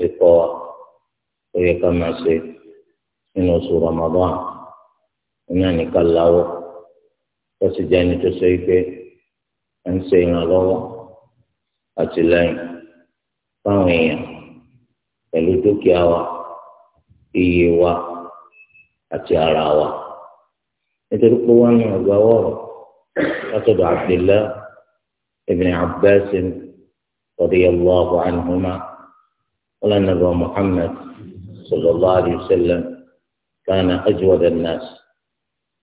ṣe kọ́ wa ó yẹ ká máa ṣe nínú oṣù Ramadan náà nìkan láwọ́ ó sì jẹ́ ẹni tó ṣe é pé à ń ṣe ìrànlọ́wọ́ àtìlẹ́yìn fáwọn èèyàn pẹ̀lú dúkìá wa iye wa àti ara wa nítorí pé wọ́n ní ọgbà wọ̀rọ̀ látọ̀dọ̀ Abdullah ibn Abbas radiyallahu anhuma. ولنبي محمد صلى الله عليه وسلم كان أجود الناس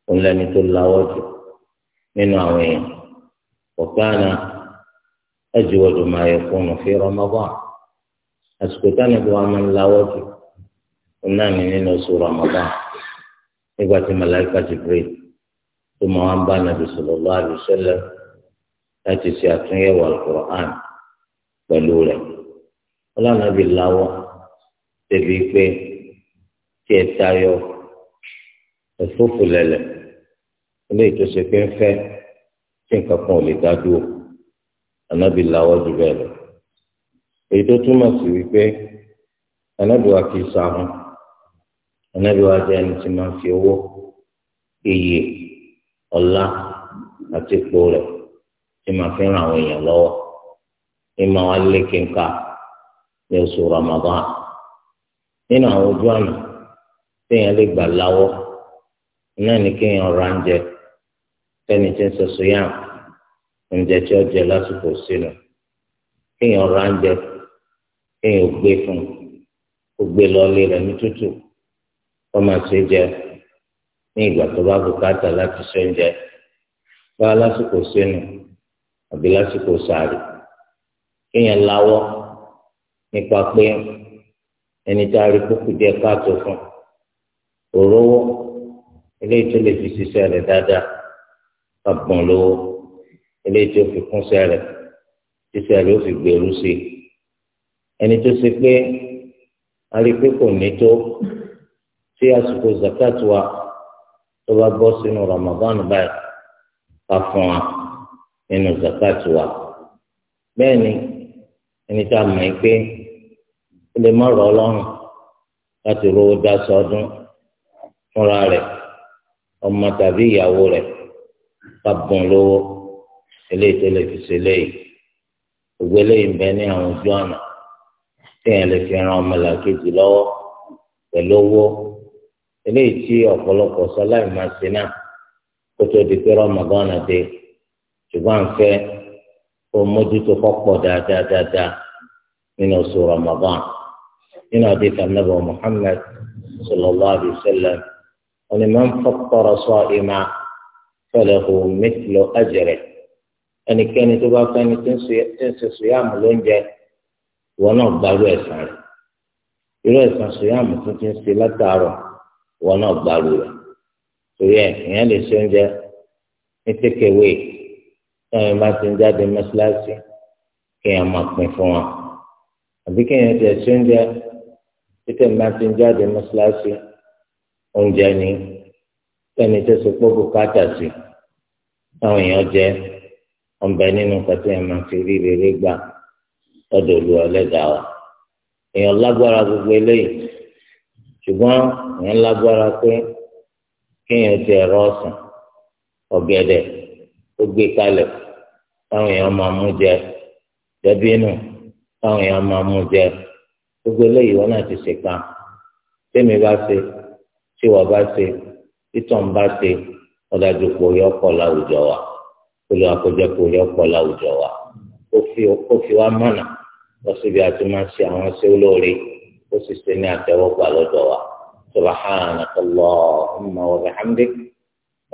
ولن يتلى وجه من عوين وكان أجود ما يكون في رمضان أسكتان ومن لا وجه قلنا من نسو رمضان إخوة ملائكة جبريل ثم أنبى النبي صلى الله عليه وسلم أتي سيأتيه والقرآن بلولا ọlọ́nà bí lawọ́ tẹ̀lé pé tí ẹ tayọ ẹ̀fọ́fù lẹ̀lẹ̀ ilé ìtòsí pé ń fẹ́ tí nǹkan kan ò lè dá dúró ànábì lawọ́ jù bẹ́ẹ̀ lọ. èyí tó túmọ̀ sí wípé ànábì wa kì í sahun ànábì jẹ́ ẹni tí máa fi owó iyì ọlá àti ipò rẹ̀ tí máa fi ń ran àwọn èèyàn lọ́wọ́ ní máa lé kínka. ní oṣù Ramadan nínú àwọn ojú àmì téèyàn lè gbà láwọ náà ni kéèyàn ra ń jẹ fẹni tí ń yàn tí ó jẹ lásìkò sínú kéèyàn ra ń jẹ kéèyàn gbé fún kó gbé lọlé rẹ ní tútù kó máa ṣe jẹ ní ìgbà tó bá bùkátà láti ṣe bá lásìkò sínú àbí lásìkò kéèyàn láwọ. nípa pé ẹni tá a rí kókò díẹ̀ káàtó fún òróró eléyìí tó lè fi ṣiṣẹ́ rẹ̀ dáadáa ọgbọ̀n lówó eléyìí tó fi kúnṣẹ́ rẹ̀ ṣiṣẹ́ rẹ̀ ó fi gbèrú sí i ẹni tó ṣe pé a rí pé kò ní tó tí àsìkò zakat wa tó bá bọ́ sínú Ramadan báyìí ká fún wa nínú zakat wa bẹ́ẹ̀ ni ẹni tá a mọ̀ ẹ́ pé ó lè má rọ̀ ọlọ́run láti rówó dá sọdún fúnra rẹ̀ ọmọ tàbí ìyàwó rẹ̀ ká bùn lówó eléyìí tó lè fi ṣe léyìí gbogbo eléyìí ń bẹ ní àwọn ojú ọ̀nà téèyàn lè fi ran ọmọlàkejì lọ́wọ́ pẹ̀lú owó eléyìí tí ọ̀pọ̀lọpọ̀ sọ láì máa ṣe náà kó tó di pé rọmọgán náà dé ṣùgbọ́n à kó mójútó kọ́pọ̀ dáadáa dáadáa nínú oṣù Ramadan nínú àdéhùn anábọ Muhammad sallallahu alayhi wa sallam wọn ni máa ń fattara sa'ima falahu mithlu ajrihi ẹnikẹ́ni tó bá fẹ́ni tí ń ṣe sùyàmù lóúnjẹ wọn náà gbárù ẹ̀san rẹ̀ irú ẹ̀san sùyàmù tó ti ń ṣe látàárọ̀ wọn náà gbárù rẹ̀ torí ẹ̀ ìyẹn lè ṣe oúnjẹ ní takeaway táwọn bá ti ń jáde mọ́ṣáláṣí kéèyàn máa pín fún wa àbí kéèyàn tẹ̀ sí oúnjẹ títẹ̀ bá ti ń jáde mọ́ṣáláṣí oúnjẹ ni tẹ́ni tó so pé bùkátà sí táwọn èèyàn jẹ ọ̀nbẹ nínú kẹtẹ́ ẹ̀ máa fi rí rere gbà lọ́dọ̀ olú ọlẹ́dàá wa èèyàn lágbára gbogbo eléyìí ṣùgbọ́n èèyàn lágbára pé kéèyàn ti ẹ̀rọ ọ̀sán ọ̀gẹ̀dẹ̀ ó gbé kalẹ̀ táwọn èèyàn máa mú jẹ dẹbínú táwọn èèyàn máa mú jẹ gbogbo eléyìí wọn náà ti ṣe kan tèmi bá ṣe tí wọn bá ṣe títàn bá ṣe ọdájú kò yọ ọkọ láwùjọ wa olùwà kò jẹ kò yọ ọkọ láwùjọ wa ó fi wá mọ̀nà lọ síbi àti máa ṣe àwọn ṣé olóore ó sì ṣe ní àtẹ́wọ́gbà lọ́dọ̀ wa subhanaka Allahumma wa bihamdik.